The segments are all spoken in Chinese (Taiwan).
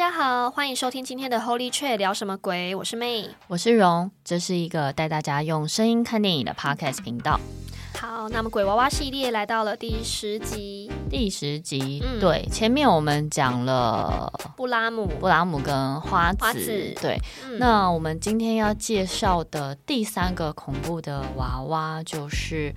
大家好，歡迎收聽今天的 Holy Chat 聊什麼鬼？我是妹，我是榮，這是一個帶大家用聲音看電影的 podcast 頻道。好，那麼鬼娃娃系列來到了第十集，第十集，嗯、對，前面我們講了布拉姆，布拉姆跟花子，嗯、花子對、嗯，那我們今天要介紹的第三個恐怖的娃娃就是。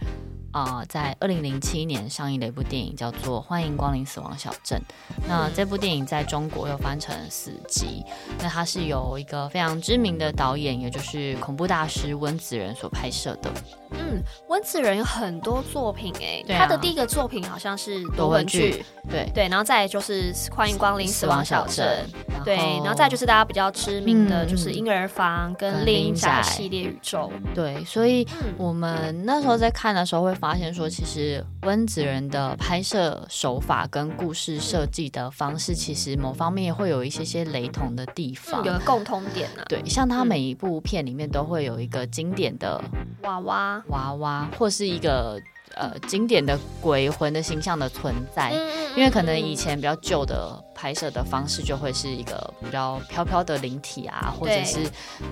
啊、呃，在二零零七年上映的一部電影叫做《歡迎光臨死亡小鎮》嗯，那這部電影在中國又翻成《死寂》。嗯、那它是由一個非常知名的導演，也就是恐怖大師溫子仁所拍攝的。嗯，溫子仁有很多作品誒、欸啊，他的第一個作品好像是《奪魂鋸》《奪魂鋸》，對對，然後再就是《歡迎光臨死亡小鎮》死亡小鎮，對，然後再就是大家比較知名的、嗯、就是《嬰兒房跟厲陰宅》跟《厲陰宅》系列宇宙。對，所以我們那時候在看的時候會。發現說，其實溫子仁的拍攝手法跟故事設計的方式，其實某方面會有一些些雷同的地方，有個共通點呢。對，像他每一部片裡面都會有一個經典的娃娃，娃娃或是一個。呃，經典的鬼魂的形象的存在，因為可能以前比較舊的拍攝的方式，就會是一個比較飄飄的靈體啊，或者是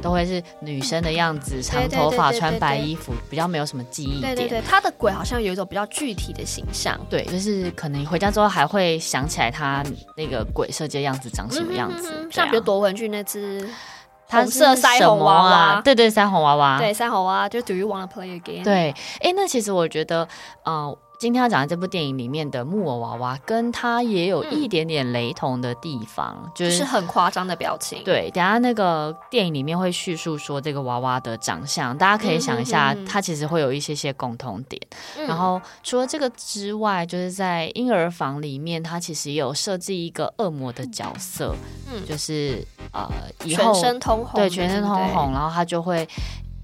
都會是女生的樣子，長頭髮，穿白衣服，比較沒有什麼記憶點。對對，他的鬼好像有一種比較具體的形象，對，就是可能回家之後還會想起來他那個鬼設計的樣子長什麼樣子。像比如奪魂鋸那隻。紅色腮紅娃娃，對對，腮紅娃娃，對腮紅娃娃，就 Do you wanna play a game？對，誒、欸。那其實我覺得，嗯、呃。今天要講的這部電影裡面的木偶娃娃跟他也有一點點雷同的地方，嗯，就是、就是很誇張的表情。對，等下那個電影裡面會敘述說這個娃娃的長相，大家可以想一下，它其實會有一些些共同點，嗯哼哼。然後除了這個之外，就是在嬰兒房裡面，它其實也有設計一個惡魔的角色，嗯、就是呃全身通紅對，全身通紅，對對然後它就會。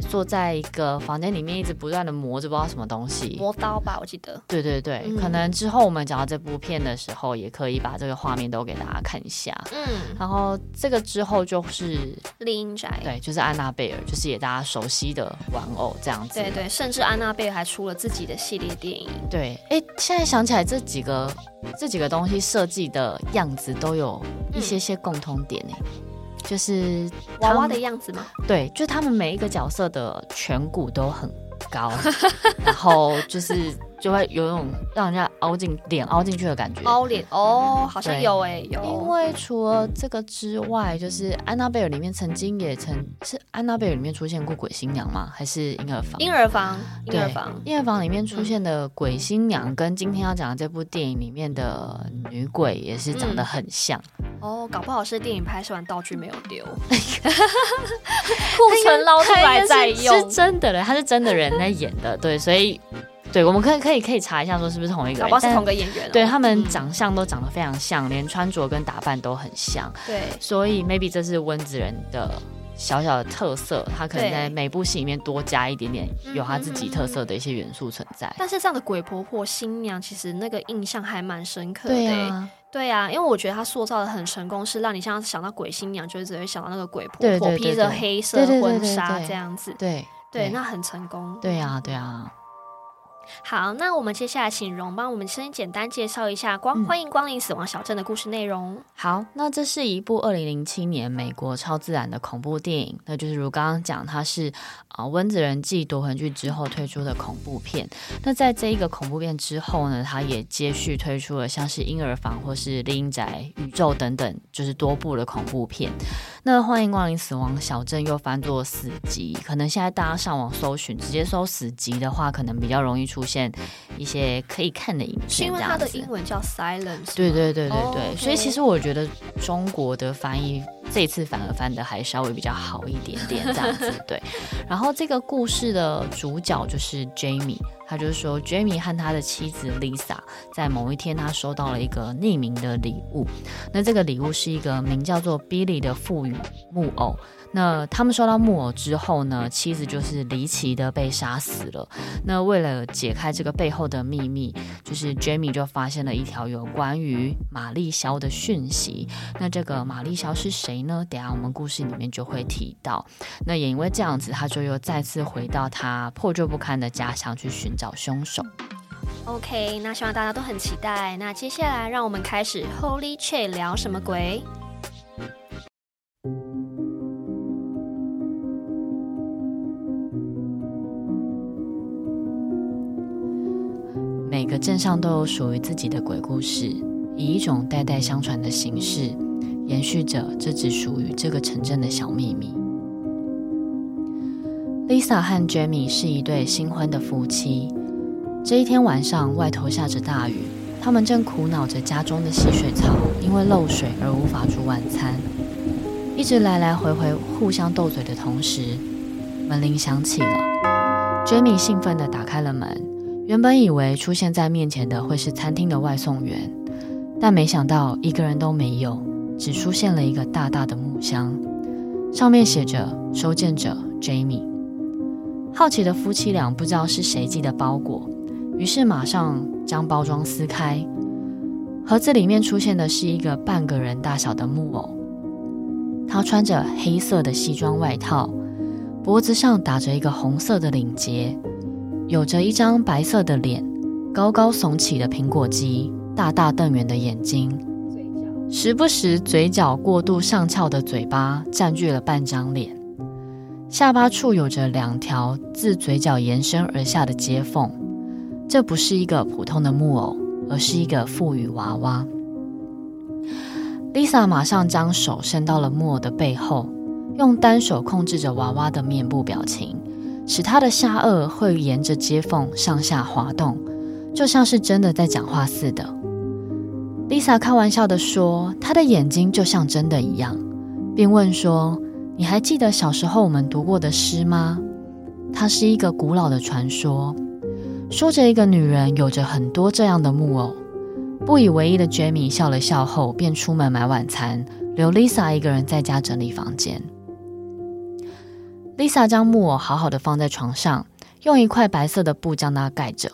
坐在一個房間裡面，一直不斷的磨着，不知道什麼東西，磨刀吧，我記得。對對對，嗯、可能之後我們講到這部片的時候，也可以把這個畫面都給大家看一下。嗯，然後這個之後就是厲陰宅，對，就是安娜貝爾，就是也大家熟悉的玩偶這樣子。對對，對，甚至安娜貝爾還出了自己的系列電影。對，哎、欸，現在想起來這幾個、這幾個東西設計的樣子，都有一些些共通點哎、欸。嗯就是他娃娃的樣子嗎？對，就他們每一個角色的顴骨都很高， 然後就是。就會有種讓人家凹進臉凹進去的感覺，凹臉哦，好像有誒、欸，有。因為除了這個之外，就是《安娜貝爾》裡面曾經也曾是《安娜貝爾》裡面出現過鬼新娘嗎？還是嬰兒房？嬰兒房，嬰兒房，嬰兒房，嬰兒房裡面出現的鬼新娘、嗯、跟今天要講的這部電影裡面的女鬼也是長得很像。嗯、哦，搞不好是電影拍攝完道具沒有丟， 庫存撈出來再用，哎哎、是真的嘞，他是真的人在演的， 對，所以。對，我們可以可以可以查一下，說是不是同一個人，老是同一個演員、啊。對，他們長相都長得非常像，嗯、連穿着跟打扮都很像。對，所以、嗯、maybe 這是溫子仁的小小的特色，他可能在每部戲裡面多加一點點有他自己特色的一些元素存在。但是這樣的鬼婆婆新娘，其實那個印象還蠻深刻的，對、啊對。對啊，因為我覺得他塑造得很成功，是讓你像想到鬼新娘，就只會想到那個鬼婆婆，對對對對，披着黑色的婚紗這樣子。對，對，那很成功。對啊，對啊。對啊。好，那我們接下來請榮幫我們先簡單介紹一下光《光、嗯、歡迎光臨死亡小鎮》的故事內容。好，那這是一部二零零七年美國超自然的恐怖電影，那就是如剛剛講，它是啊溫、呃、子仁繼《奪魂鋸》之後推出的恐怖片。那在這一個恐怖片之後呢，它也接續推出了像是嬰兒房或是拎宅、宇宙等等，就是多部的恐怖片。那《歡迎光臨死亡小鎮》又翻作《死寂》，可能現在大家上網搜尋，直接搜《死寂》的話，可能比較容易出。出現一些可以看的影視，是因為它的英文叫 Silence。對對對對對，對，所以其實我覺得中國的翻譯這次反而翻得還稍微比較好一點點這樣子對。然後這個故事的主角就是 Jamie，他就是說 Jamie 和他的妻子 Lisa 在某一天他收到了一個匿名的禮物，那這個禮物是一個名叫做 Billy 的腹語木偶。那他們收到木偶之後呢？妻子就是離奇的被殺死了。那為了解開這個背後的秘密，就是 Jamie 就發現了一條有關於瑪麗肖的訊息。那這個瑪麗肖是誰呢？等下我們故事裡面就會提到。那也因為這樣子，他就又再次回到他破舊不堪的家鄉去尋找兇手。OK，那希望大家都很期待。那接下來讓我們開始 Holy Chat 聊什麼鬼？鎮上都有屬於自己的鬼故事，以一種代代相傳的形式延續着這只屬於這個城鎮的小秘密。Lisa 和 Jamie 是一對新婚的夫妻。這一天晚上，外頭下着大雨，他們正苦惱着家中的洗水槽因為漏水而無法煮晚餐，一直來來回回互相鬥嘴的同時，門鈴響起了。Jamie 興奮地打開了門。原本以為出現在面前的會是餐廳的外送員，但沒想到一個人都沒有，只出現了一個大大的木箱，上面寫着“收件者：Jamie”。好奇的夫妻倆不知道是誰寄的包裹，於是馬上將包裝撕開。盒子裡面出現的是一個半個人大小的木偶，他穿着黑色的西裝外套，脖子上打着一個紅色的領結。有着一張白色的臉，高高聳起的蘋果肌，大大瞪圓的眼睛，時不時嘴角過度上翹的嘴巴占據了半張臉，下巴處有着兩條自嘴角延伸而下的接縫。這不是一個普通的木偶，而是一個腹語娃娃。Lisa 馬上將手伸到了木偶的背後，用單手控制着娃娃的面部表情。使他的下顎會沿着接縫上下滑動，就像是真的在講話似的。Lisa 開玩笑的說：“他的眼睛就像真的一樣。”並問說：“你還記得小時候我們讀過的詩嗎？”它是一個古老的傳說，說着一個女人有着很多這樣的木偶。不以為意的 Jamie 笑了笑後，便出門買晚餐，留 Lisa 一個人在家整理房間。Lisa 將木偶好好的放在床上，用一塊白色的布將它蓋着，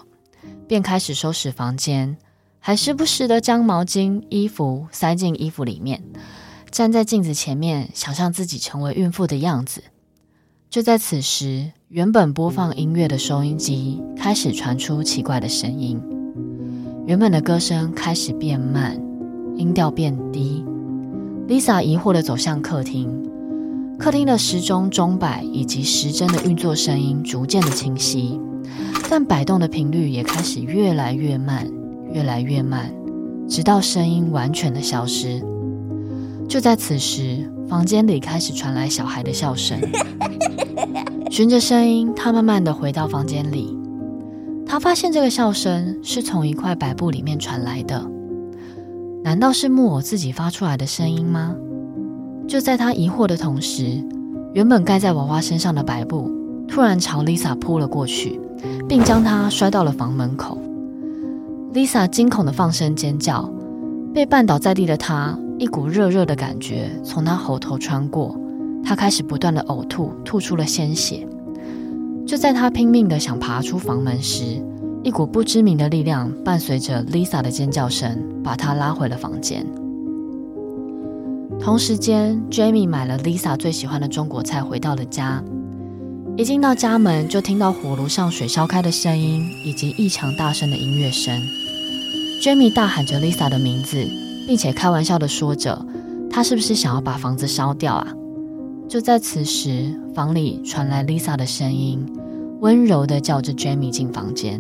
便開始收拾房間，還時不時地將毛巾、衣服塞進衣服裡面。站在鏡子前面，想象自己成為孕婦的樣子。就在此時，原本播放音樂的收音機開始傳出奇怪的聲音，原本的歌聲開始變慢，音調變低。Lisa 疑惑地走向客廳。客廳的時鐘鐘擺以及時針的運作聲音逐漸的清晰，但擺動的頻率也開始越來越慢，越來越慢，直到聲音完全的消失。就在此時，房間裡開始傳來小孩的笑聲。循着聲音，他慢慢的回到房間裡，他發現這個笑聲是從一塊白布裡面傳來的。難道是木偶自己發出來的聲音嗎？就在他疑惑的同時，原本蓋在娃娃身上的白布突然朝 Lisa 撲了過去，並將她摔到了房門口。Lisa 驚恐的放聲尖叫，被絆倒在地的她，一股熱熱的感覺從她喉頭穿過，她開始不斷的嘔吐，吐出了鮮血。就在她拼命的想爬出房門時，一股不知名的力量伴隨着 Lisa 的尖叫聲，把她拉回了房間。同時間，Jamie 買了 Lisa 最喜歡的中國菜，回到了家。一進到家門，就聽到火爐上水燒開的聲音，以及異常大聲的音樂聲。Jamie 大喊着 Lisa 的名字，並且開玩笑的說着：“她是不是想要把房子燒掉啊？”就在此時，房裡傳來 Lisa 的聲音，溫柔的叫着 Jamie 進房間。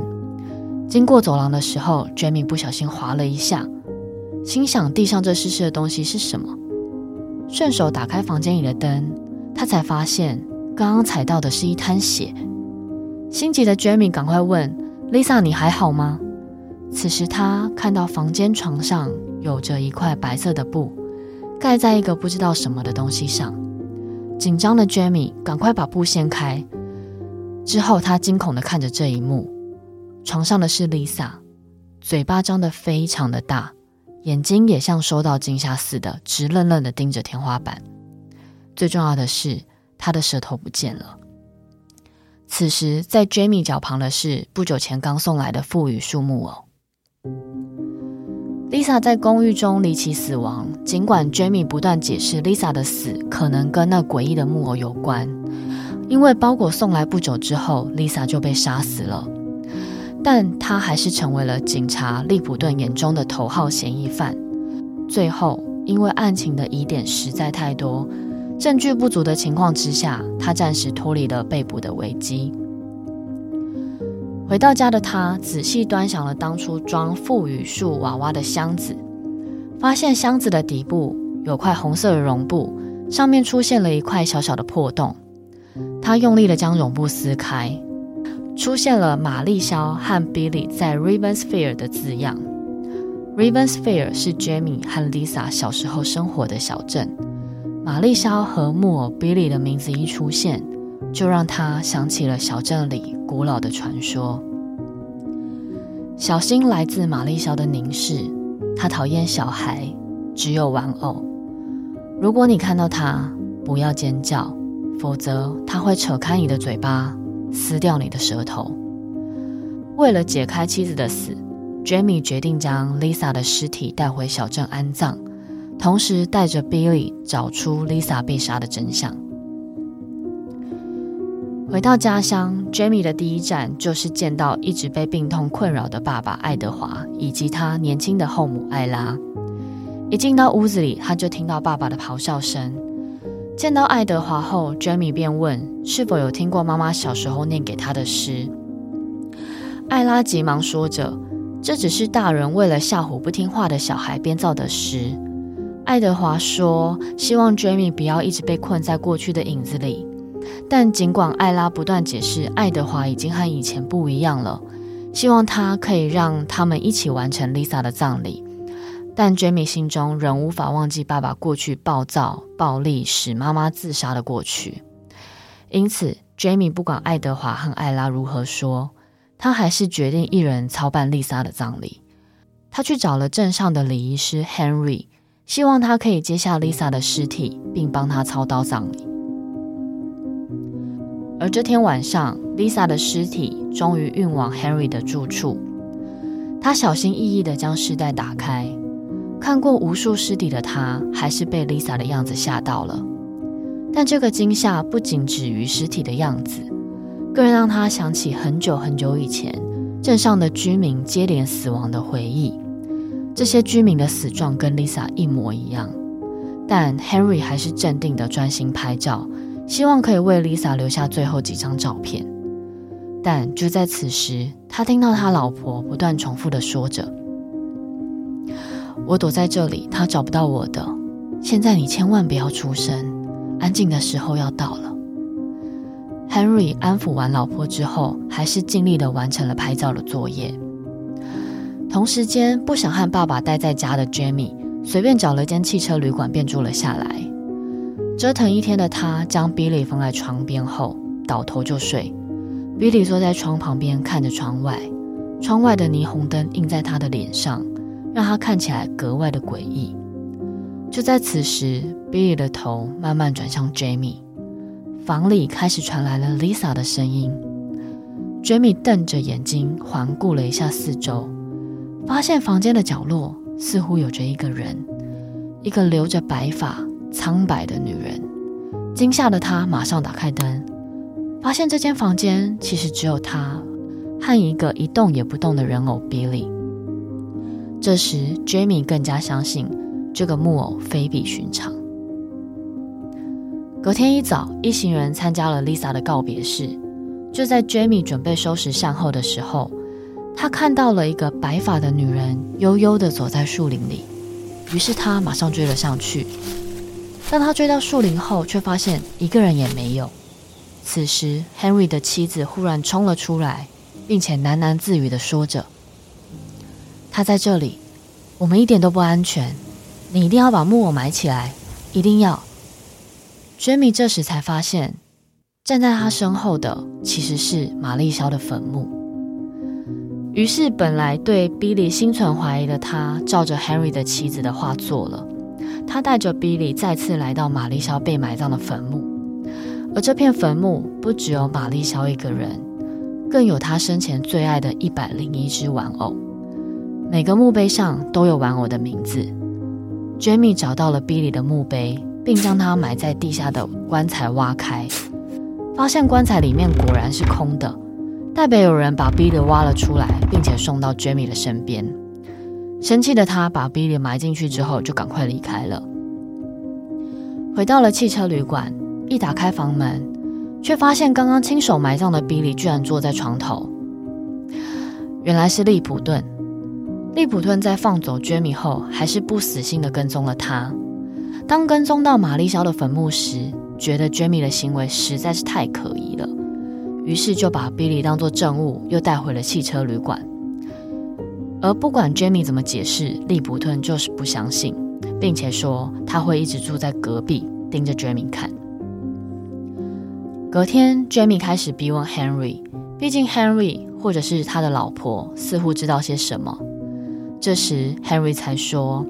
經過走廊的時候，Jamie 不小心滑了一下，心想：地上這濕濕的東西是什麼？順手打開房間裡的燈，他才發現剛剛踩到的是一灘血。心急的 Jamie 趕快問 Lisa：“ 你還好嗎？”此時他看到房間床上有着一塊白色的布，蓋在一個不知道什麼的東西上。緊張的 Jamie 趕快把布掀開，之後他驚恐的看着這一幕：床上的是 Lisa，嘴巴張得非常的大。眼睛也像受到驚嚇似的，直愣愣的盯着天花板。最重要的是，他的舌頭不見了。此時，在 Jamie 腳旁的是不久前剛送來的腹語術木偶。Lisa 在公寓中離奇死亡，儘管 Jamie 不斷解釋，Lisa 的死可能跟那詭異的木偶有關，因為包裹送來不久之後，Lisa 就被殺死了。但他還是成為了警察利普頓眼中的頭號嫌疑犯。最後，因為案情的疑點實在太多，證據不足的情況之下，他暫時脫離了被捕的危機。回到家的他，仔細端詳了當初裝腹語術娃娃的箱子，發現箱子的底部有塊紅色的絨布，上面出現了一塊小小的破洞。他用力的將絨布撕開。出現了瑪麗肖和比利在 Ravens Fair 的字樣。Ravens Fair 是 Jamie 和 Lisa 小時候生活的小鎮。瑪麗肖和木偶比利的名字一出現，就讓他想起了小鎮裡古老的傳說。小心來自瑪麗肖的凝視，他討厭小孩，只有玩偶。如果你看到他，不要尖叫，否則他會扯開你的嘴巴，撕掉你的舌頭。為了解開妻子的死，Jamie 決定將 Lisa 的屍體帶回小鎮安葬，同時帶着 Billy 找出 Lisa 被殺的真相。回到家鄉，Jamie 的第一站就是見到一直被病痛困擾的爸爸愛德華以及他年輕的後母艾拉。一進到屋子裡，他就聽到爸爸的咆哮聲。見到愛德華後，Jamie 便問是否有聽過媽媽小時候念給他的詩。艾拉急忙說着：“這只是大人為了嚇唬不聽話的小孩編造的詩。”愛德華說：“希望 Jamie 不要一直被困在過去的影子裡。”但儘管艾拉不斷解釋，愛德華已經和以前不一樣了，希望他可以讓他們一起完成 Lisa 的葬禮。但 Jamie 心中仍無法忘記爸爸過去暴躁、暴力，使媽媽自殺的過去。因此，Jamie 不管愛德華和艾拉如何說，他還是決定一人操辦麗莎的葬禮。他去找了鎮上的禮儀師 Henry，希望他可以接下麗莎的屍體，並幫他操刀葬禮。而這天晚上，麗莎的屍體終於運往 Henry 的住處。他小心翼翼地將屍袋打開。看過無數屍體的他，還是被 Lisa 的樣子嚇到了。但這個驚嚇不僅止於屍體的樣子，更讓他想起很久很久以前鎮上的居民接連死亡的回憶。這些居民的死狀跟 Lisa 一模一樣，但 Henry 還是鎮定的專心拍照，希望可以為 Lisa 留下最後幾張照片。但就在此時，他聽到他老婆不斷重複的說着。我躲在這裡，他找不到我的。現在你千萬不要出聲，安靜的時候要到了。Henry 安撫完老婆之後，還是盡力的完成了拍照的作業。同時間，不想和爸爸待在家的 Jamie 隨便找了間汽車旅館便住了下來。折騰一天的他，將 Billy 放在床邊後倒頭就睡。Billy 坐在窗旁邊，看着窗外，窗外的霓虹燈映在他的臉上。讓他看起來格外的詭異。就在此時，Billy 的頭慢慢轉向 Jamie，房裡開始傳來了 Lisa 的聲音。Jamie 瞪着眼睛環顧了一下四周，發現房間的角落似乎有着一個人，一個留着白髮、蒼白的女人。驚嚇的她馬上打開燈，發現這間房間其實只有她和一個一動也不動的人偶 Billy。這時，Jamie 更加相信這個木偶非比尋常。隔天一早，一行人參加了 Lisa 的告別式。就在 Jamie 準備收拾善後的時候，他看到了一個白髮的女人悠悠地走在樹林裡。於是他馬上追了上去，當他追到樹林後，卻發現一個人也沒有。此時，Henry 的妻子忽然衝了出來，並且喃喃自語地說着。他在這裡，我們一點都不安全。你一定要把木偶埋起來，一定要。Jamie 這時才發現，站在他身後的其實是瑪莉蕭的墳墓。於是，本來對 Billy 心存懷疑的他，照着 Henry 的妻子的話做了。他帶着 Billy 再次來到瑪莉蕭被埋葬的墳墓，而這片墳墓不只有瑪莉蕭一個人，更有他生前最愛的一百零一隻玩偶。每個墓碑上都有玩偶的名字。Jamie 找到了 Billy 的墓碑，並將他埋在地下的棺材挖開，發現棺材裡面果然是空的，代表有人把 Billy 挖了出來，並且送到 Jamie 的身邊。生氣的他把 Billy 埋進去之後，就趕快離開了。回到了汽車旅館，一打開房門，卻發現剛剛親手埋葬的 Billy 居然坐在床頭。原來是利普頓。利普頓在放走 Jamie 後，還是不死心的跟蹤了他。當跟蹤到瑪麗肖的墳墓時，覺得 Jamie 的行為實在是太可疑了，於是就把 Billy 當做證物，又帶回了汽車旅館。而不管 Jamie 怎麼解釋，利普頓就是不相信，並且說他會一直住在隔壁，盯着 Jamie 看。隔天，Jamie 開始逼問 Henry，畢竟 Henry 或者是他的老婆似乎知道些什麼。這時，Henry 才說：“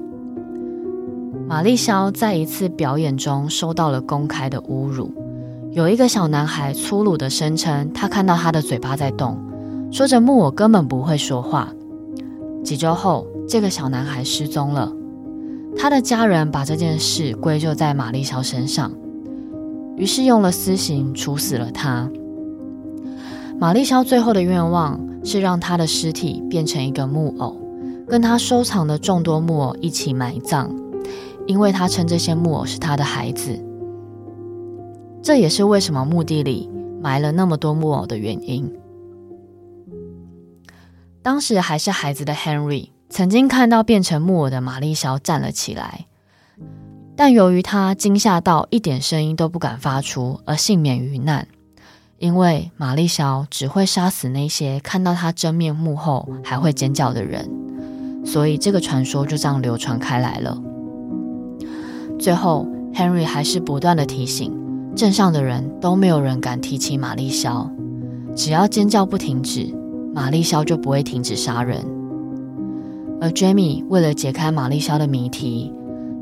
瑪莉蕭在一次表演中受到了公開的侮辱。有一個小男孩粗魯的聲稱，他看到她的嘴巴在動，說着木偶根本不會說話。”幾周後，這個小男孩失蹤了。他的家人把這件事歸咎在瑪莉蕭身上，於是用了私刑處死了她。瑪莉蕭最後的願望是讓她的屍體變成一個木偶。跟他收藏的眾多木偶一起埋葬，因為他稱這些木偶是他的孩子。這也是為什麼墓地裡埋了那麼多木偶的原因。當時還是孩子的 Henry 曾經看到變成木偶的瑪麗肖站了起來，但由於他驚嚇到一點聲音都不敢發出，而幸免於難，因為瑪麗肖只會殺死那些看到他真面目後還會尖叫的人。所以這個傳說就這樣流傳開來了。最後，Henry 還是不斷的提醒，鎮上的人都沒有人敢提起瑪莉蕭。只要尖叫不停止，瑪莉蕭就不會停止殺人。而 Jamie 為了解開瑪莉蕭的謎題，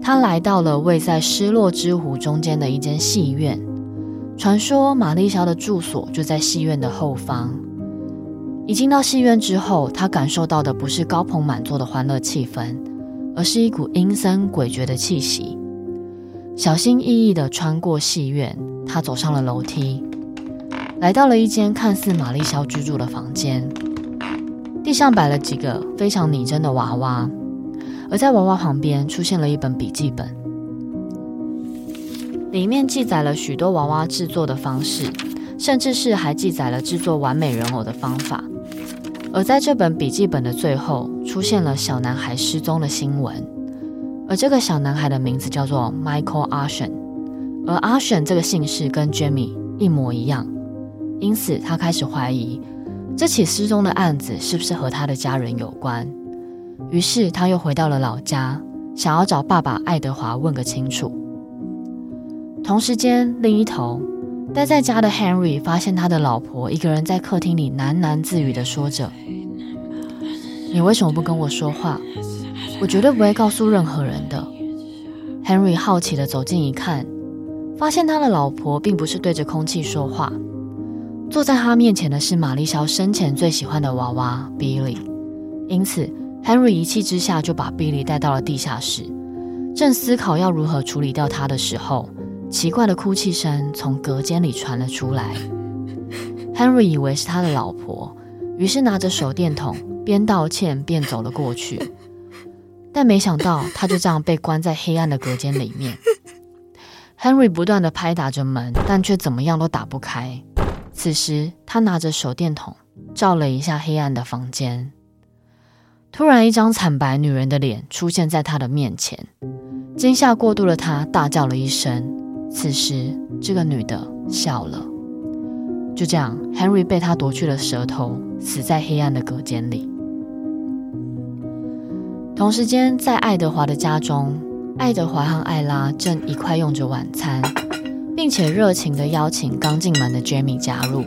他來到了位在失落之湖中間的一間戲院。傳說瑪莉蕭的住所就在戲院的後方。一進到戲院之後，他感受到的不是高朋滿座的歡樂氣氛，而是一股陰森詭譎的氣息。小心翼翼地穿過戲院，他走上了樓梯，來到了一間看似瑪麗肖居住的房間。地上擺了幾個非常擬真的娃娃，而在娃娃旁邊出現了一本筆記本，裡面記載了許多娃娃製作的方式，甚至是還記載了製作完美人偶的方法。而在這本筆記本的最後，出現了小男孩失蹤的新聞。而這個小男孩的名字叫做 Michael Ashen，而 Ashen 這個姓氏跟 Jamie 一模一樣，因此他開始懷疑這起失蹤的案子是不是和他的家人有關。於是他又回到了老家，想要找爸爸愛德華問個清楚。同時間，另一頭。待在家的 Henry 發現他的老婆一個人在客廳裡喃喃自語的說着：“你為什麼不跟我說話？我絕對不會告訴任何人的。” Henry 好奇的走近一看，發現他的老婆並不是對着空氣說話，坐在他面前的是瑪莉蕭生前最喜歡的娃娃 Billy。因此，Henry 一氣之下就把 Billy 帶到了地下室，正思考要如何處理掉他的時候。奇怪的哭泣聲從隔間裡傳了出來。Henry 以為是他的老婆，於是拿着手電筒，邊道歉邊走了過去。但沒想到，他就這樣被關在黑暗的隔間裡面。Henry 不斷地拍打着門，但卻怎麼樣都打不開。此時，他拿着手電筒照了一下黑暗的房間，突然，一張慘白女人的臉出現在他的面前。驚嚇過度的他大叫了一聲。此時，這個女的笑了。就這樣，Henry 被她奪去了舌頭，死在黑暗的隔間裡。同時間，在愛德華的家中，愛德華和艾拉正一塊用着晚餐，並且熱情地邀請剛進門的 Jamie 加入。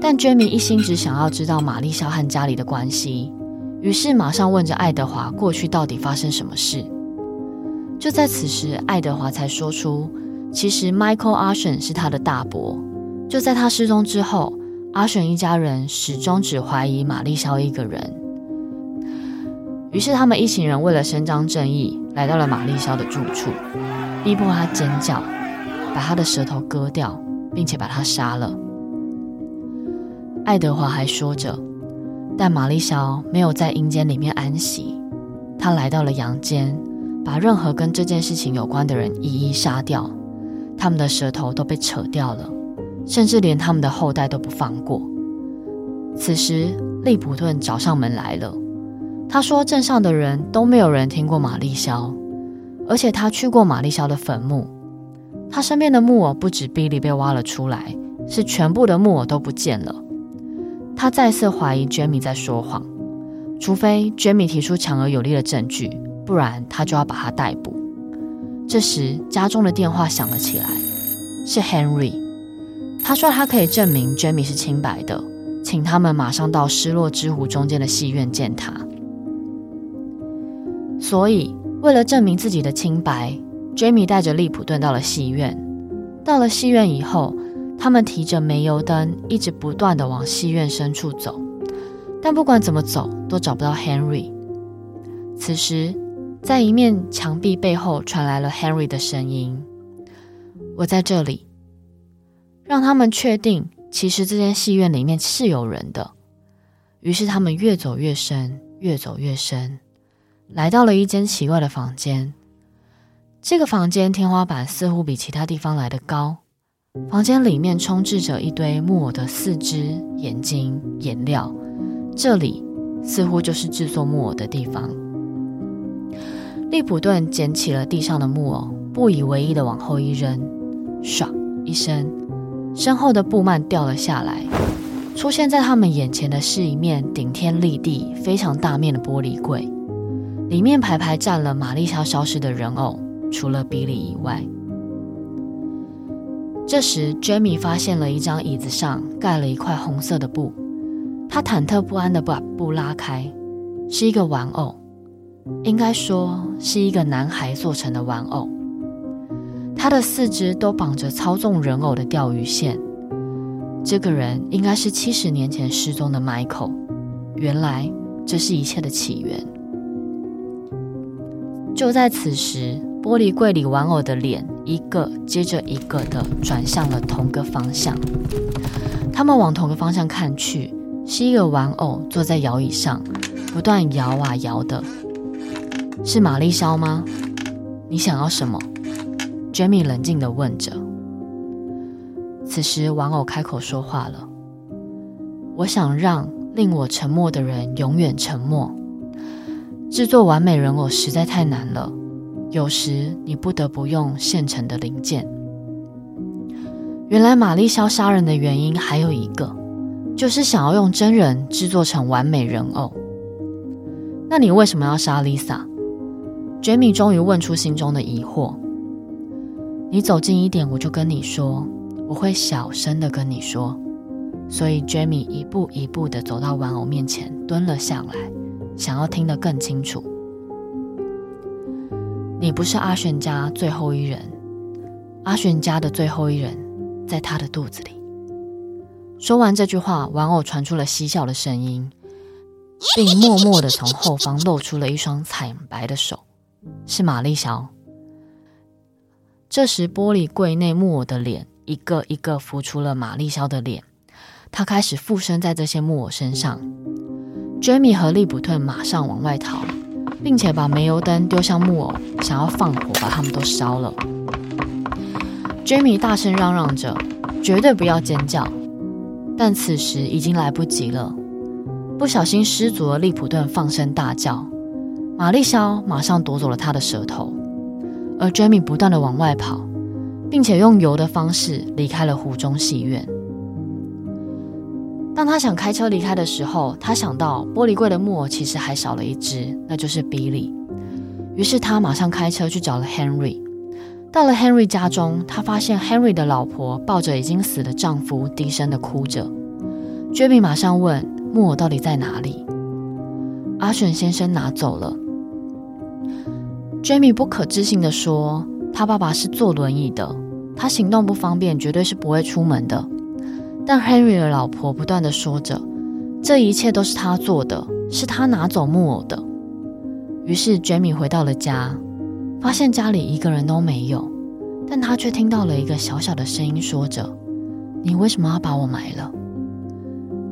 但 Jamie 一心只想要知道瑪莉蕭和家裡的關係，於是馬上問着愛德華過去到底發生什麼事。就在此時，愛德華才說出。其實，Michael Ashen 是他的大伯。就在他失蹤之後，Ashen 一家人始終只懷疑瑪麗肖一個人。於是，他們一行人為了伸張正義，來到了瑪麗肖的住處，逼迫她尖叫，把她的舌頭割掉，並且把她殺了。愛德華還說着，但瑪麗肖沒有在陰間裡面安息，她來到了陽間，把任何跟這件事情有關的人一一殺掉。他們的舌頭都被扯掉了，甚至連他們的後代都不放過。此時，利普頓找上門來了。他說：“鎮上的人都沒有人聽過瑪莉蕭，而且他去過瑪莉蕭的墳墓。他身邊的木偶不止比利被挖了出來，是全部的木偶都不見了。”他再次懷疑杰米在說謊，除非杰米提出強而有力的證據，不然他就要把他逮捕。這時，家中的電話響了起來，是 Henry。他說他可以證明 Jamie 是清白的，請他們馬上到失落之湖中間的戲院見他。所以，為了證明自己的清白，Jamie 帶着利普頓到了戲院。到了戲院以後，他們提着煤油燈，一直不斷地往戲院深處走，但不管怎麼走，都找不到 Henry。此時，在一面牆壁背後傳來了 Henry 的聲音：“我在這裡，讓他們確定其實這間戲院裡面是有人的。”於是他們越走越深，越走越深，來到了一間奇怪的房間。這個房間天花板似乎比其他地方來得高，房間裡面充斥着一堆木偶的四肢、眼睛、顏料。這裡似乎就是製作木偶的地方。利普頓撿起了地上的木偶，不以為意的往後一扔，唰一聲，身後的布幔掉了下來。出現在他們眼前的是一面頂天立地、非常大面的玻璃櫃，裡面排排站了瑪莉蕭消失的人偶，除了比利以外。這時，Jamie 發現了一張椅子上蓋了一塊紅色的布，他忐忑不安地把布拉開，是一個玩偶。應該說是一個男孩做成的玩偶，他的四肢都綁着操縱人偶的釣魚線。這個人應該是七十年前失蹤的邁克。原來，這是一切的起源。就在此時，玻璃櫃裡玩偶的臉一個接着一個的轉向了同個方向。他們往同個方向看去，是一個玩偶坐在搖椅上，不斷搖啊搖的。是瑪麗肖嗎？你想要什麼？Jamie 冷靜地問着。此時，玩偶開口說話了：“我想讓令我沉默的人永遠沉默。製作完美人偶實在太難了，有時你不得不用現成的零件。”原來，瑪麗肖殺人的原因還有一個，就是想要用真人製作成完美人偶。那你為什麼要殺 Lisa？Jamie 終於問出心中的疑惑：“你走近一點，我就跟你說，我會小聲的跟你說。”所以 Jamie 一步一步的走到玩偶面前，蹲了下來，想要聽得更清楚。“你不是阿璇家最後一人，阿璇家的最後一人在他的肚子裡。”說完這句話，玩偶傳出了嬉笑的聲音，並默默的從後方露出了一雙慘白的手。是瑪麗肖。這時，玻璃櫃內木偶的臉一個一個浮出了，瑪麗肖的臉，她開始附身在這些木偶身上。Jamie 和利普頓馬上往外逃，並且把煤油燈丟向木偶，想要放火把他們都燒了。Jamie 大聲嚷嚷着：“絕對不要尖叫！”但此時已經來不及了，不小心失足的利普頓放聲大叫。瑪麗肖馬上奪走了他的舌頭，而 Jamie 不斷地往外跑，並且用游的方式離開了湖中戲院。當他想開車離開的時候，他想到玻璃櫃的木偶其實還少了一隻，那就是比利。於是他馬上開車去找了 Henry。到了 Henry 家中，他發現 Henry 的老婆抱着已經死的丈夫，低聲地哭着。Jamie 馬上問木偶到底在哪裡？阿申先生拿走了。Jamie 不可置信地說：“他爸爸是坐輪椅的，他行動不方便，絕對是不會出門的。”但 Henry 的老婆不斷的說着：“這一切都是他做的，是他拿走木偶的。”於是 Jamie 回到了家，發現家裡一個人都沒有，但他卻聽到了一個小小的聲音，說着：“你為什麼要把我埋了？”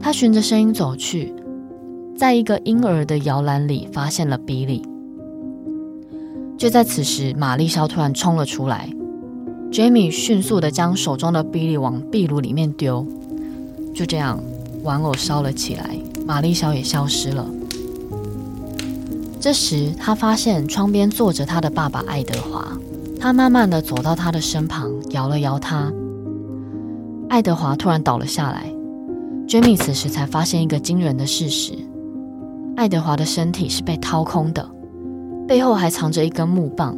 他循着聲音走去，在一個嬰兒的搖籃裡發現了比利。就在此時，瑪麗肖突然衝了出來。Jamie 迅速地將手中的比利往壁爐裡面丟，就這樣，玩偶燒了起來，瑪麗肖也消失了。這時，他發現窗邊坐着他的爸爸愛德華，他慢慢地走到他的身旁，搖了搖他。愛德華突然倒了下來。Jamie 此時才發現一個驚人的事實：愛德華的身體是被掏空的。背後還藏着一根木棒。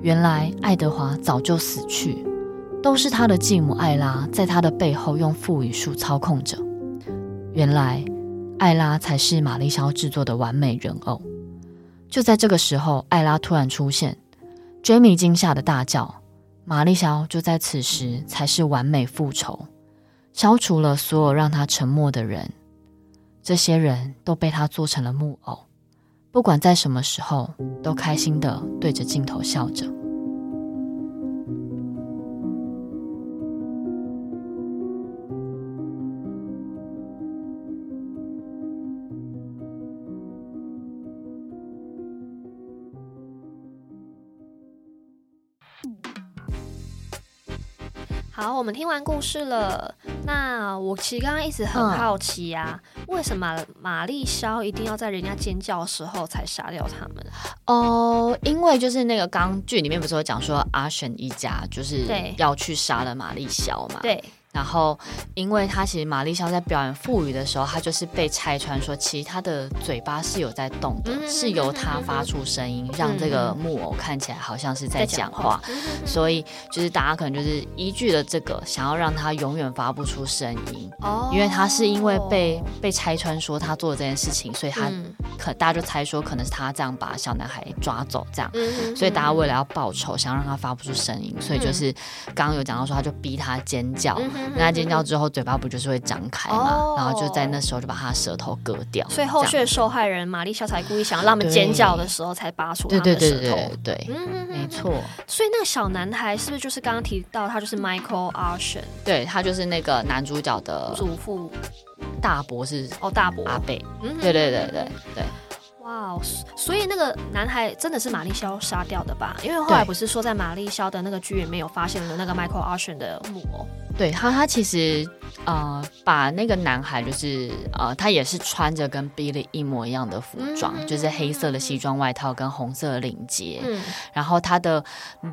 原來，愛德華早就死去，都是他的繼母艾拉在他的背後用腹語術操控着。原來，艾拉才是瑪麗肖製作的完美人偶。就在這個時候，艾拉突然出現，傑米驚嚇得大叫。瑪麗肖就在此時才是完美復仇，消除了所有讓他沉默的人。這些人都被他做成了木偶。不管在什麼時候，都開心地對着鏡頭笑着。好，我們聽完故事了。那我其實剛剛一直很好奇啊，嗯、為什麼瑪莉蕭一定要在人家尖叫的時候才殺掉他們？哦、呃，因為就是那個剛劇裡面不是有講說阿申一家就是要去殺了瑪莉蕭嘛？對。對然後，因為他其實瑪莉蕭在表演腹語的時候，他就是被拆穿說，其實他的嘴巴是有在動的，嗯、是由他發出聲音、嗯，讓這個木偶看起來好像是在講，在講話。所以就是大家可能就是依據了這個，想要讓他永遠發不出聲音。哦，因為他是因為被被拆穿說他做了這件事情，所以他可、嗯、大家就猜說可能是他這樣把小男孩抓走這樣。嗯、所以大家為了要報仇，想要讓他發不出聲音，所以就是剛剛有講到說，他就逼他尖叫。那、嗯嗯、尖叫之後，嘴巴不就是會張開嗎、哦？然後就在那時候，就把他舌頭割掉。所以後續的受害人瑪麗肖才故意想讓他們尖叫的時候，才拔出他的舌頭。對對對對，對，對嗯，哼嗯，哼嗯哼，沒錯。所以那個小男孩是不是就是剛剛提到他就是 Michael Arshen？對，他就是那個男主角的祖父大伯是伯，哦大伯阿貝。嗯，對對對對、嗯、對，對，對，對。哇、wow，所以那個男孩真的是瑪麗肖殺掉的吧？因為後來不是說在瑪麗肖的那個劇裡面有發現了那個 Michael Arshen 的木偶。對他，他其實，呃，把那個男孩就是，呃，他也是穿着跟 Billy 一模一樣的服裝，嗯、就是黑色的西裝外套跟紅色的領結，嗯，然後他的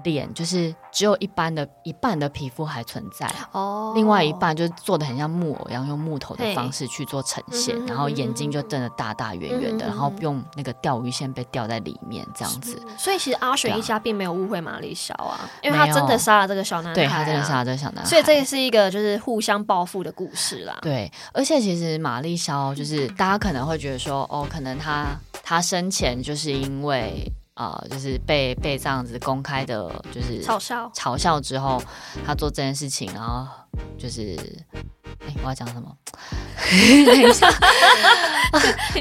臉就是只有一般的、一半的皮膚還存在，哦，另外一半就是做的很像木偶一樣，用木頭的方式去做呈現，然後眼睛就瞪得大大圓圓的、嗯，然後用那個釣魚線被吊在裡面、嗯、這樣子。所以其實阿申一家、啊、並沒有誤會瑪莉蕭啊，因為他真的殺了這個小男孩、啊，對他真的殺了這個小男孩，所以這個是。是一個就是互相報復的故事啦。對，而且其實瑪莉蕭，就是大家可能會覺得說，哦，可能他他生前就是因為啊、呃，就是被被這樣子公開的，就是嘲笑嘲笑之後，他做這件事情、啊，然後就是。哎、欸，我要講什麼？ 等一下，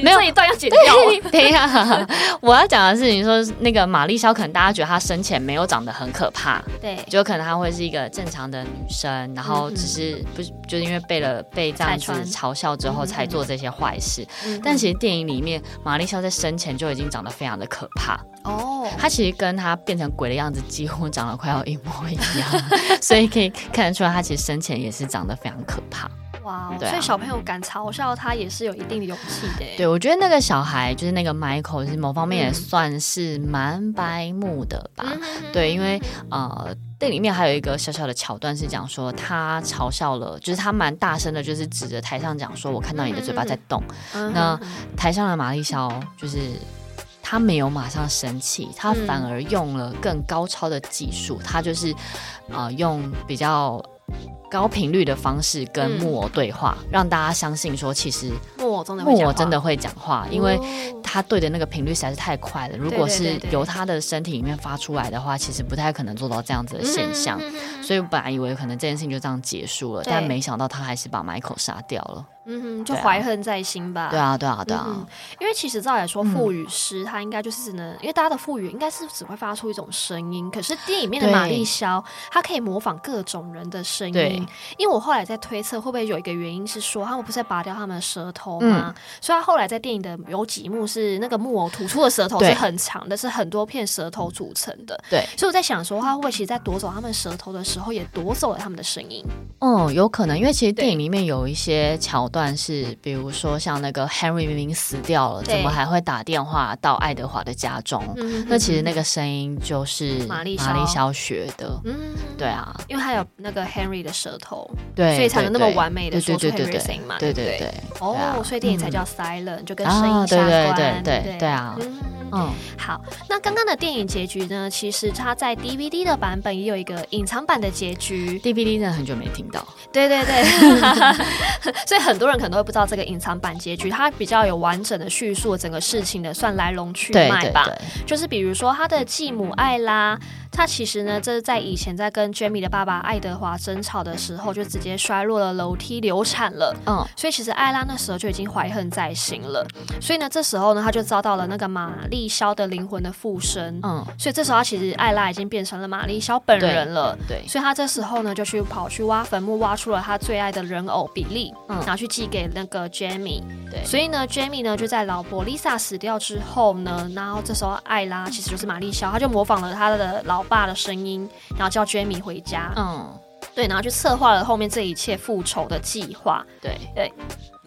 沒有一段要剪掉。 等一下，我要講的是，你說那個瑪麗肖，可能大家覺得她生前沒有長得很可怕，對，就可能她會是一個正常的女生，然後只是、嗯、不是就是因為被了被這樣子嘲笑之後才做這些壞事。嗯、但其實電影裡面，瑪麗肖在生前就已經長得非常的可怕。哦，她其實跟她變成鬼的樣子幾乎長得快要一模一樣， 所以可以看得出來，她其實生前也是長得非常可怕。哇、wow, 啊，所以小朋友敢嘲笑他也是有一定的勇氣的。對，我覺得那個小孩就是那個 Michael，是某方面也算是蠻白目的吧。嗯、對，因為呃，那裡面還有一個小小的橋段是講說，他嘲笑了，就是他蠻大聲的，就是指着台上講說：“我看到你的嘴巴在動。嗯”那台上的瑪莉蕭就是他沒有馬上生氣，他反而用了更高超的技術，他就是啊、呃、用比較。高頻率的方式跟木偶對話，嗯、讓大家相信說，其實木偶真的會講話、嗯。因為他對的那個頻率實在是太快了、嗯，如果是由他的身體裡面發出來的話，對對對對，其實不太可能做到這樣子的現象。嗯哼嗯哼，所以我本來以為可能這件事情就這樣結束了，但沒想到他還是把邁克殺掉了。嗯哼，就懷恨在心吧。對啊，對啊，對啊。對啊嗯、因為其實照理來說，腹語師他應該就是只能、嗯，因為大家的腹語應該是只會發出一種聲音。可是電影裡面的瑪莉蕭，他可以模仿各種人的聲音。因為我後來在推測，會不會有一個原因是說，他們不是在拔掉他們的舌頭嗎、嗯？所以他後來在電影的有幾幕是那個木偶吐出的舌頭是很長的，是很多片舌頭組成的。對。所以我在想說，他會不會其實在奪走他們舌頭的時候，也奪走了他們的聲音？哦、嗯，有可能，因為其實電影裡面有一些橋。段是，比如說像那個 Henry 明明死掉了，怎麼還會打電話到愛德華的家中、嗯嗯？那其實那個聲音就是瑪麗瑪麗蕭的，嗯，對啊，因為他有那個 Henry 的舌頭，對，所以才能那麼完美的說 everything 嘛，對對對，哦，對對對對啊 oh, 所以電影才叫 silent、嗯、就跟聲音相關、啊，對對對，對，對，對，對，對，對啊。對。嗯、哦，好。那剛剛的電影結局呢？其實它在 DVD 的版本也有一個隱藏版的結局。DVD 呢，很久沒聽到，對對對。 所以很多人可能都會不知道這個隱藏版結局，它比較有完整的敘述整個事情的算來龍去脈吧？對對對。就是比如說他的繼母艾拉。嗯他其實呢，這是在以前在跟 Jamie 的爸爸愛德華爭吵的時候，就直接摔落了樓梯，流產了。嗯，所以其實艾拉那時候就已經懷恨在心了。嗯、所以呢，這時候呢，他就遭到了那個瑪莉蕭的靈魂的附身。嗯，所以這時候他其實艾拉已經變成了瑪莉蕭本人了。對，所以他這時候呢，就去跑去挖墳墓，挖出了他最愛的人偶比利，拿、嗯、去寄給那個 Jamie。對，所以呢，Jamie 呢就在老婆 Lisa 死掉之後呢，然後這時候艾拉其實就是瑪莉蕭，他就模仿了他的老。爸的聲音，然後叫 Jamie 回家。嗯，對，然後就策劃了後面這一切復仇的計劃。對對，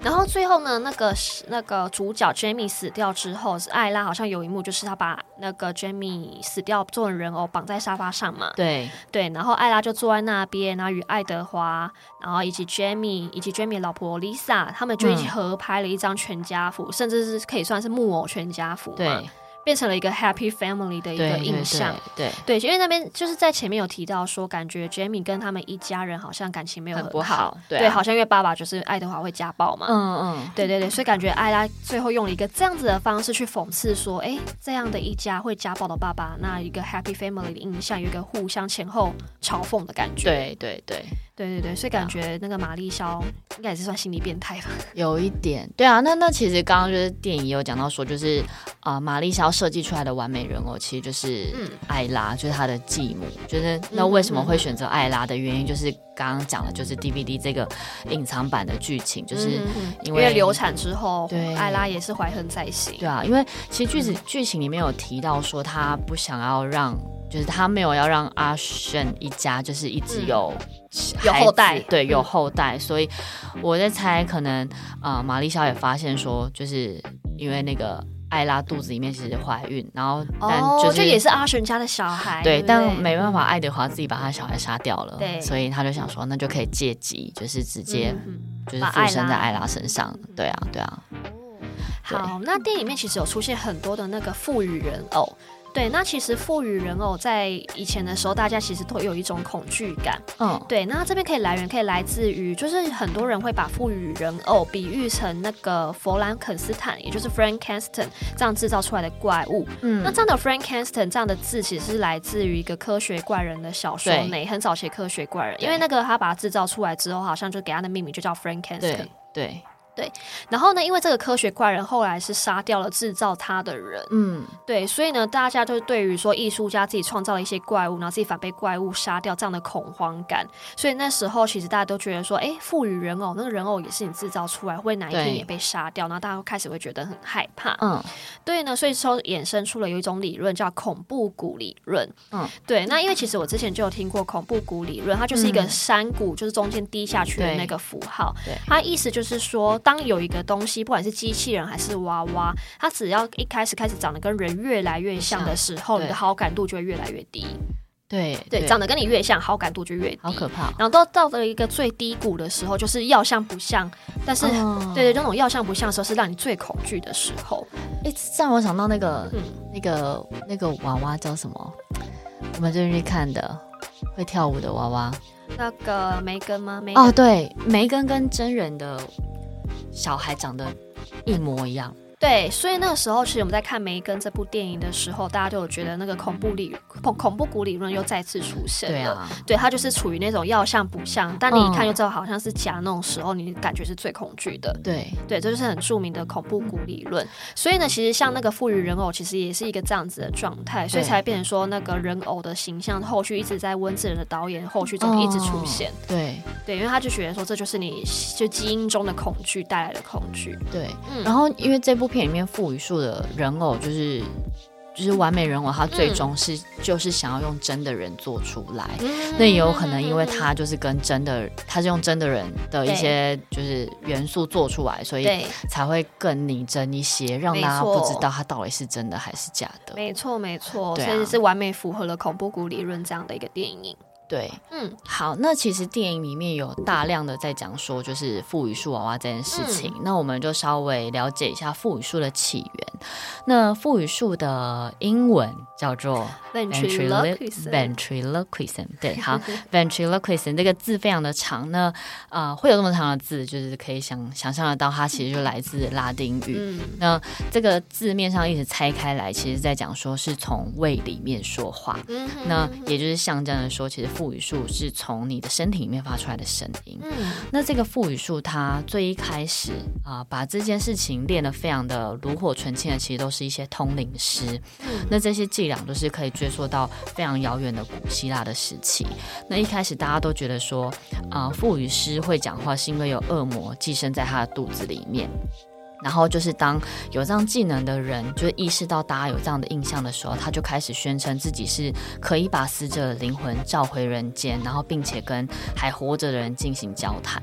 然後最後呢，那個是那個主角 Jamie 死掉之後，艾拉好像有一幕就是他把那個 Jamie 死掉的做的人偶綁在沙發上嘛。對對，然後艾拉就坐在那邊，然後與愛德華，然後以及 Jamie 以及 Jamie 老婆 Lisa，他們就一起合拍了一張全家福，嗯，甚至是可以算是木偶全家福。對。變成了一個 happy family 的一個印象，對對，對，對，對，因為那邊就是在前面有提到說，感覺 Jamie 跟他們一家人好像感情沒有很，很不好對、啊，對，好像因為爸爸就是愛德華會家暴嘛，嗯嗯，對對對，所以感覺艾拉最後用了一個這樣子的方式去諷刺說，哎、欸，這樣的一家會家暴的爸爸，那一個 happy family 的印象有一個互相前後嘲諷的感覺，對對對。對對對，所以感覺那個瑪麗肖應該也是算心理變態吧。有一點。對啊，那那其實剛剛就是電影也有講到說，就是啊、呃，瑪麗肖設計出來的完美人偶其實就是艾拉，嗯、就是她的繼母。就是那為什麼會選擇艾拉的原因就是。剛剛講的就是 DVD 這個隱藏版的劇情，嗯、就是因為，因為流產之後，對，艾拉也是懷恨在心，對啊，因為其實劇子、嗯、劇情裡面有提到說，他不想要讓，就是他沒有要讓阿申一家，就是一直有、嗯、有後代，對，有後代，嗯、所以我在猜，可能啊、呃，瑪麗肖也發現說，就是因為那個。艾拉肚子裡面其實懷孕，然後但就，是 oh, 就也是阿申家的小孩，對，對對但沒辦法，愛德華自己把他小孩殺掉了，所以他就想說，那就可以借機，就是直接就是附身在艾拉身上，對啊，對啊，好、oh,，那電影裡面其實有出現很多的那個腹語人偶。Oh, 對，那其實腹語人偶在以前的時候，大家其實都有一種恐懼感。嗯、哦，對，那這邊可以來源可以來自於，就是很多人會把腹語人偶比喻成那個弗蘭肯斯坦，也就是 Frankenstein 這樣制造出來的怪物。嗯，那這樣的 Frankenstein 這樣的字其實是來自於一個科學怪人的小說內，沒很早寫科學怪人，因為那個他把它制造出來之後，好像就給他的命名就叫 Frankenstein 對。對對，然後呢，因為這個科學怪人後來是殺掉了製造他的人，嗯，對，所以呢，大家就是對於說藝術家自己創造了一些怪物，然後自己反被怪物殺掉這樣的恐慌感，所以那時候其實大家都覺得說，哎，賦予人偶那個人偶也是你製造出來，會哪一天也被殺掉，然後大家開始會覺得很害怕，嗯，對呢，所以說衍生出了有一種理論叫恐怖谷理論，嗯，對，那因為其實我之前就有聽過恐怖谷理論，它就是一個山谷，嗯、就是中間低下去的那個符號，嗯、對，它意思就是說。當有一個東西，不管是機器人，還是娃娃，它只要一開始開始長得跟人越來越像的時候，你的好感度就會越來越低。對，對，對，長得跟你越像，好感度就越低。好可怕！然後到到了一個最低谷的時候，就是要像不像，但是、嗯、對，對對，這種要像不像的時候是讓你最恐懼的時候。哎、欸，讓我想到那個、嗯、那個那個娃娃叫什麼？我們最近去看的會跳舞的娃娃，那個梅根嗎？梅哦，對，梅根跟真人的小孩長得一模一樣。對，所以那個時候，其實我們在看《梅根》這部電影的時候，大家就有覺得那個恐怖理恐恐怖谷理論又再次出現了。對啊，對，它就是處於那種要像不像，但你一看就知道好像是假那種時候，你感覺是最恐懼的。對、嗯，對，這就是很著名的恐怖谷理論。所以呢，其實像那個腹語人偶，其實也是一個這樣子的狀態，所以才變成說那個人偶的形象後續一直在溫子仁的導演後續中一直出現、嗯。對，對，因為他就覺得說，這就是你就基因中的恐懼帶來的恐懼。對、嗯，然後因為這部。片裡面腹語術的人偶，就是就是完美人偶，他最終是就是想要用真的人做出來。嗯、那也有可能，因為他就是跟真的，他是用真的人的一些就是元素做出來，所以才會更擬真一些，讓大家不知道他到底是真的還是假的。沒錯，沒錯，確實是，是完美符合了恐怖谷理論這樣的一個電影。對，嗯，好，那其實電影裡面有大量的在講說，就是腹語術娃娃這件事情，嗯。那我們就稍微了解一下腹語術的起源。那腹語術的英文。叫做 ventriloquism，對，好 ventriloquism 這個字非常的長呢，啊、呃，會有這麼長的字，就是可以想想象得到，它其實就來自拉丁語。嗯、那這個字面上一直拆開來，其實在講說是從胃裡面說話，嗯哼嗯哼，那也就是像這樣的說，其實腹語術是從你的身體裡面發出來的聲音。嗯、那這個腹語術，它最一開始啊、呃，把這件事情練得非常的爐火純青的，其實都是一些通靈師、嗯。那這些技。都、就是可以追溯到非常遙遠的古希臘的時期。那一開始大家都覺得說，啊、呃，腹語師會講話是因為有惡魔寄生在他的肚子裡面。然後就是當有這樣技能的人，就意識到大家有這樣的印象的時候，他就開始宣稱自己是可以把死者的靈魂召回人間，然後並且跟還活着的人進行交談。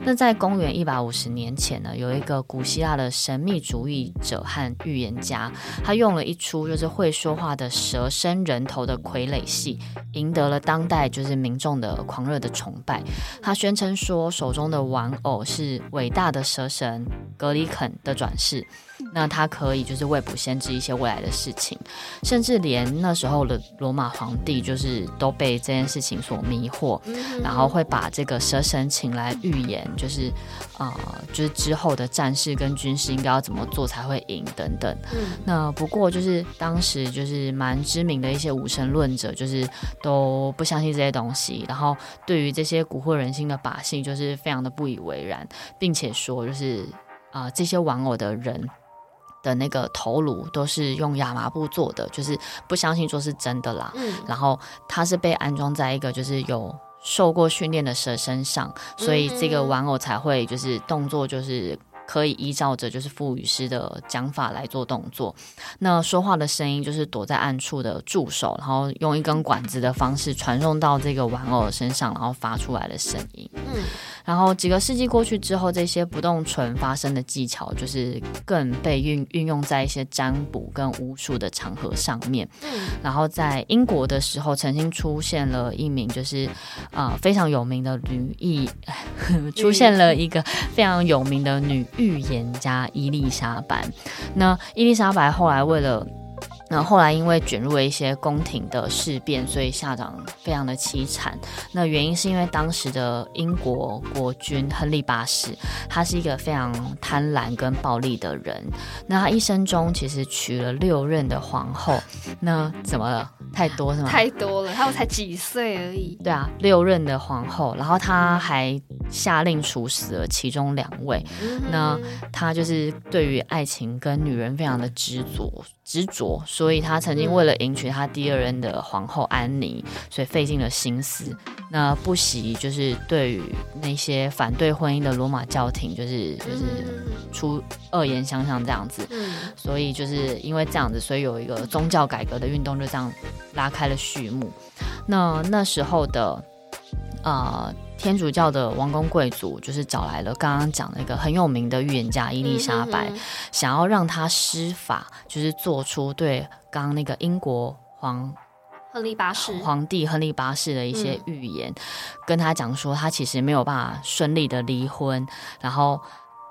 那在公元一百五十年前呢，有一個古希臘的神秘主義者和預言家，他用了一出就是會說話的蛇身人頭的傀儡戲，贏得了當代就是民眾的狂熱的崇拜。他宣稱說，手中的玩偶是偉大的蛇神格里肯的轉世。那他可以就是未卜先知一些未來的事情，甚至連那時候的羅馬皇帝就是都被這件事情所迷惑，然後會把這個蛇神請來預言，就是啊、呃，就是之後的戰事跟軍事應該要怎麼做才會贏等等。那不過就是當時就是蠻知名的一些無神論者就是都不相信這些東西，然後對於這些蠱惑人心的把戲就是非常的不以為然，並且說就是啊、呃、這些玩偶的人。的那個頭顱都是用亞麻布做的，就是不相信說是真的啦。嗯，然後它是被安裝在一個就是有受過訓練的蛇身上，所以這個玩偶才會就是動作就是可以依照着就是腹語師的講法來做動作。那說話的聲音就是躲在暗處的助手，然後用一根管子的方式傳送到這個玩偶身上，然後發出來的聲音。嗯。然後幾個世紀過去之後，這些不動唇發聲的技巧就是更被運運用在一些占卜跟巫術的場合上面，嗯。然後在英國的時候，曾經出現了一名就是啊、呃、非常有名的女藝，嗯、 出現了一個非常有名的女預言家伊麗莎白。那伊麗莎白後來為了。那後來因為捲入了一些宮廷的事變，所以下場非常的淒慘。那原因是因為當時的英國國君亨利八世，他是一個非常貪婪跟暴力的人。那他一生中其實娶了六任的皇後，那怎麼了？太多是嗎？太多了，他們才幾歲而已。對啊，六任的皇後，然後他還下令處死了其中兩位。那他就是對於愛情跟女人非常的執着。執着所以他曾經為了迎娶他第二任的皇后安妮，所以費盡了心思，那不惜就是對於那些反對婚姻的羅馬教廷，就是就是出惡言相向這樣子。所以就是因為這樣子，所以有一個宗教改革的運動就這樣拉開了序幕。那那時候的，呃。天主教的王公貴族就是找來了剛剛講那個很有名的預言家伊麗莎白、嗯哼哼，想要讓他施法，就是做出對剛剛那個英國皇，亨利八世皇帝亨利八世的一些預言，嗯，跟他講說他其實沒有辦法順利的離婚，然後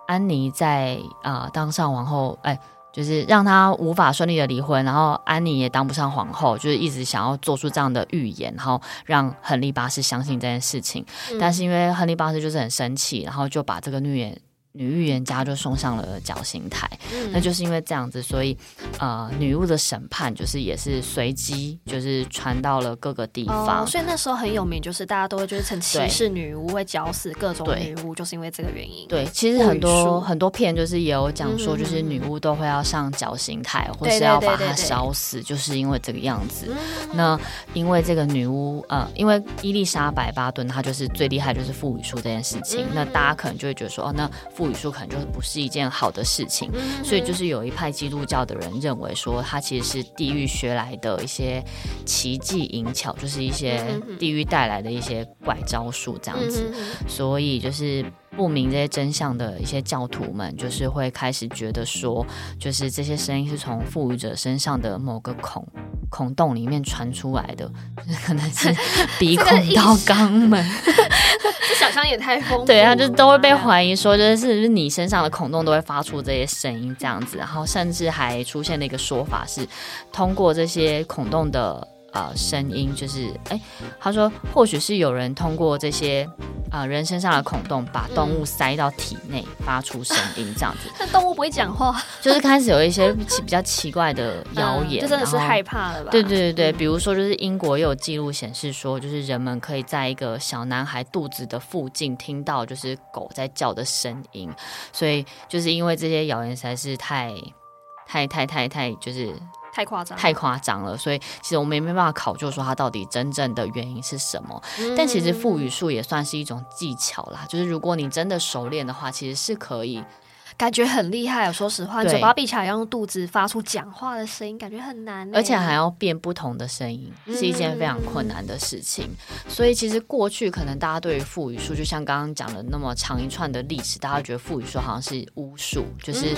安妮在啊、呃、當上王後，哎、欸。就是讓他無法順利的離婚，然後安妮也當不上皇後，就是一直想要做出這樣的預言，然後讓亨利八世相信這件事情。嗯、但是因為亨利八世就是很生氣，然後就把這個女人。女預言家就送上了絞刑台、嗯，那就是因為這樣子，所以呃，女巫的審判就是也是隨機，就是傳到了各個地方、哦。所以那時候很有名，就是大家都會覺得趁歧視女巫會絞死各種女巫，就是因為這個原因。對，其實很多很多片就是也有講說，就是女巫都會要上絞刑台、嗯，或是要把她燒死對對對對對，就是因為這個樣子、嗯。那因為這個女巫，呃，因為伊麗莎白·巴頓她就是最厲害，就是腹語術這件事情、嗯。那大家可能就會覺得說，哦，那腹語術可能就是不是一件好的事情，所以就是有一派基督教的人認為說，他其實是地獄學來的一些奇技淫巧，就是一些地獄帶來的一些怪招數這樣子，所以就是。不明這些真相的一些教徒們，就是會開始覺得說，就是這些聲音是從腹語者身上的某個孔孔洞裡面傳出來的，可能是鼻孔到肛門。 這，個意 這小張也太瘋了。對啊，就都會被懷疑說，就是你身上的孔洞都會發出這些聲音這樣子，然後甚至還出現了一個說法是，通過這些孔洞的。呃，聲音就是，哎，欸，他說或許是有人通過這些啊、呃、人身上的孔洞把動物塞到體內發出聲音，嗯，這樣子。那動物不會講話，嗯，就是開始有一些奇比較奇怪的謠言，嗯，就真的是害怕了吧？對對對對，比如說就是英國也有記錄顯示說，就是人們可以在一個小男孩肚子的附近聽到就是狗在叫的聲音，所以就是因為這些謠言實在是太太太太太就是。太誇張，太誇張了，所以其實我們也沒辦法考究說它到底真正的原因是什麼。嗯、但其實腹語術也算是一種技巧啦，就是如果你真的熟練的話，其實是可以。感覺很厲害、哦，說實話，嘴巴閉起來要用肚子發出講話的聲音，感覺很難、欸，而且還要變不同的聲音，是一件非常困難的事情。嗯、所以其實過去可能大家對於腹語術，就像剛剛講的那麼長一串的歷史，大家覺得腹語術好像是巫術，就是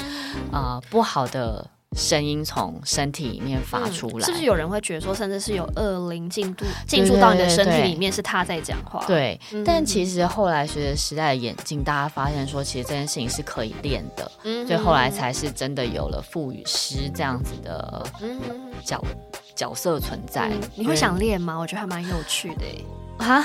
啊、嗯呃、不好的。聲音從身體裡面發出來，嗯、是不是有人會覺得說，甚至是有惡靈進度進入到你的身體裡面，是他在講話？對，對，對，對，對，對，對，對、嗯，但其實後來隨着時代的演進，大家發現說，其實這件事情是可以練的，嗯、所以後來才是真的有了腹語師這樣子的角、嗯、角色存在、嗯。你會想練嗎？我覺得還蠻有趣的、欸。哈，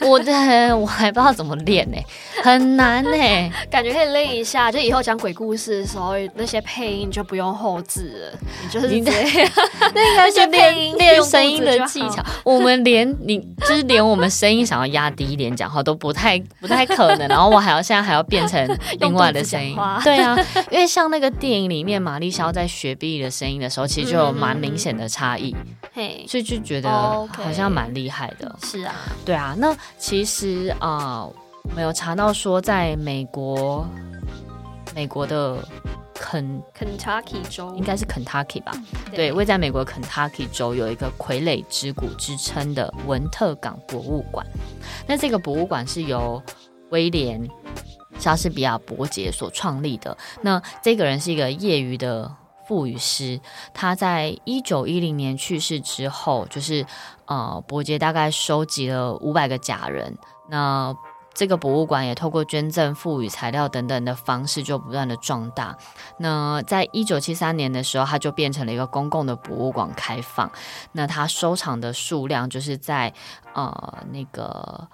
我的我還不知道怎麼練呢、欸，很難呢、欸， 感覺可以練一下，就以後講鬼故事的時候，那些配音你就不用後置了，你就是這樣，你 那應該先練練聲音的技巧。 我們連你就是連我們聲音想要壓低一點講話都不太不太可能，然後我還要現在還要變成另外的聲音， 對啊，因為像那個電影裡面瑪麗肖在學 B 的聲音的時候，其實就有蠻明顯的差異。Hey, 所以就覺得好像蠻厲害的，是、okay, 啊，對啊。那其實啊、呃，我有查到說，在美國，美國的肯肯塔基州，應該是肯塔基吧、嗯對？對，位在美國肯塔基州有一個“傀儡之谷”之稱的文特港博物館。那這個博物館是由威廉莎士比亞伯爵所創立的、嗯。那這個人是一個業餘的。腹語師，他在一九一零年去世之後，就是，呃，伯傑大概收集了五百個假人，那這個博物館也透過捐贈、腹語材料等等的方式，就不斷的壯大。那在一九七三年的時候，它就變成了一個公共的博物館開放。那它收藏的數量就是在呃，那個。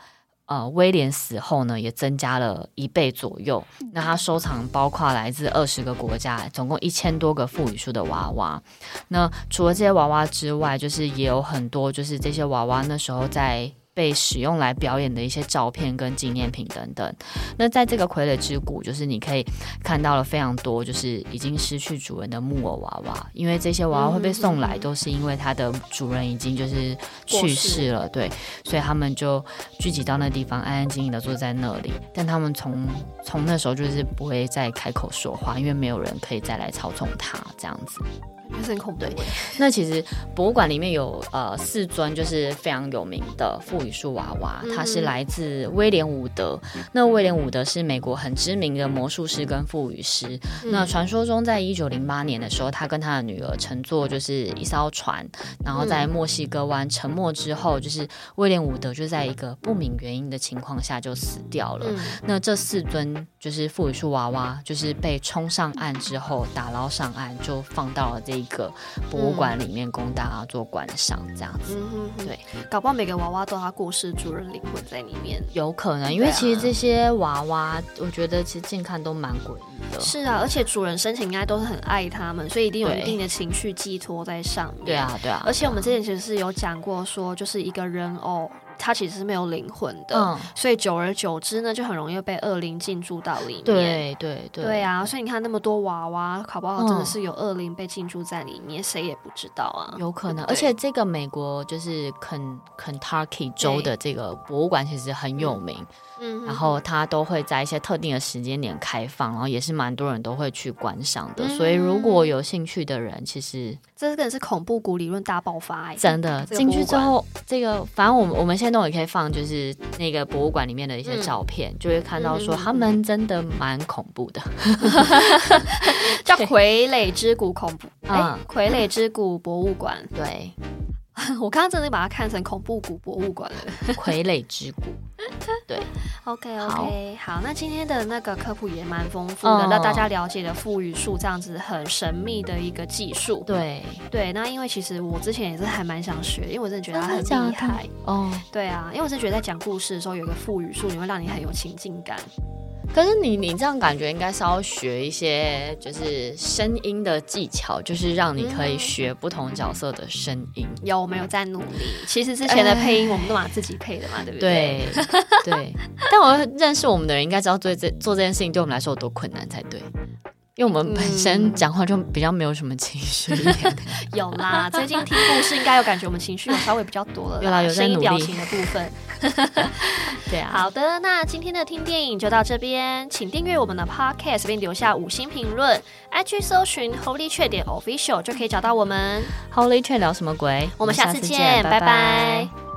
呃，威廉死後呢，也增加了一倍左右。那他收藏包括來自二十個國家，總共一千多個腹語術的娃娃。那除了這些娃娃之外，就是也有很多，就是這些娃娃那時候在。被使用來表演的一些照片跟紀念品等等，那在這個傀儡之谷，就是你可以看到了非常多，就是已經失去主人的木偶娃娃，因為這些娃娃會被送來，都是因為它的主人已經就是去世了，對，所以他們就聚集到那地方，安安靜靜的坐在那裡，但他們從從那時候就是不會再開口說話，因為沒有人可以再來操縱他這樣子。聲控，對，那其實博物館裡面有呃四尊就是非常有名的腹語術娃娃，嗯，它是來自威廉伍德。那威廉伍德是美國很知名的魔術師跟腹語師。嗯、那傳說中在一九零八年的時候，他跟他的女兒乘坐就是一艘船，然後在墨西哥灣沉沒之後，嗯、就是威廉伍德就在一個不明原因的情況下就死掉了、嗯。那這四尊就是腹語術娃娃，就是被衝上岸之後打撈上岸，就放到了這一個博物館裡面供大家做觀賞，這樣子、嗯嗯嗯嗯。對，搞不好每個娃娃都有它故事、主人靈魂在裡面。有可能，啊、因為其實這些娃娃，我覺得其實近看都蠻詭異的。是啊，而且主人生前應該都是很愛他們，所以一定有一定的情緒寄托在上面對對、啊。對啊，對啊。而且我們之前其實是有講過，說就是一個人偶、哦。它其實是沒有靈魂的、嗯，所以久而久之呢，就很容易被惡靈進駐到裡面。對對對，對啊，所以你看那麼多娃娃，搞不好真的是有惡靈被進駐在裡面，誰、嗯、也不知道啊。有可能，對對，而且這個美國就是肯肯塔基州的這個博物館其實很有名。然後它都會在一些特定的時間點開放，然後也是蠻多人都會去觀賞的。嗯、所以如果有興趣的人，其實這個是恐怖谷理論大爆發哎、欸！真的、這個，進去之後，這個反正我們我們現在都也可以放，就是那個博物館裡面的一些照片，嗯、就會看到說他們真的蠻恐怖的，嗯、 叫傀儡之谷恐怖啊、嗯欸，傀儡之谷博物館對。 我剛剛真的把它看成恐怖谷博物館了， 傀儡之谷。 對，OK OK，好，好，那今天的那個科普也蠻豐富的，那、oh. 大家了解的腹語術這樣子很神秘的一個技術。對對，那因為其實我之前也是還蠻想學，因為我真的覺得它很厲害哦、 嗯。對啊，因為我真的覺得在講故事的時候有一個腹語術，你會讓你很有情境感。可是你，你這樣感覺應該稍微學一些，就是聲音的技巧，就是讓你可以學不同角色的聲音、嗯。有，我們有在努力。嗯、其實之前的配音，我們都自己配的嘛、呃，對不對？對。對 但我認識我們的人，應該知道做這做這件事情對我們來說有多困難才對，因為我們本身講話就比較沒有什麼情緒、嗯。 有啦， 最近聽故事應該有感覺，我們情緒有稍微比較多了。有啦，有在努力。聲音表情的部分。 對、啊，好的，那今天的聽電影就到這邊，請訂閱我們的 Podcast，並留下五星評論。IG 搜尋 holychat.official 就可以找到我們。holychat 聊什麼鬼？我們下次見，次見，拜拜。拜拜。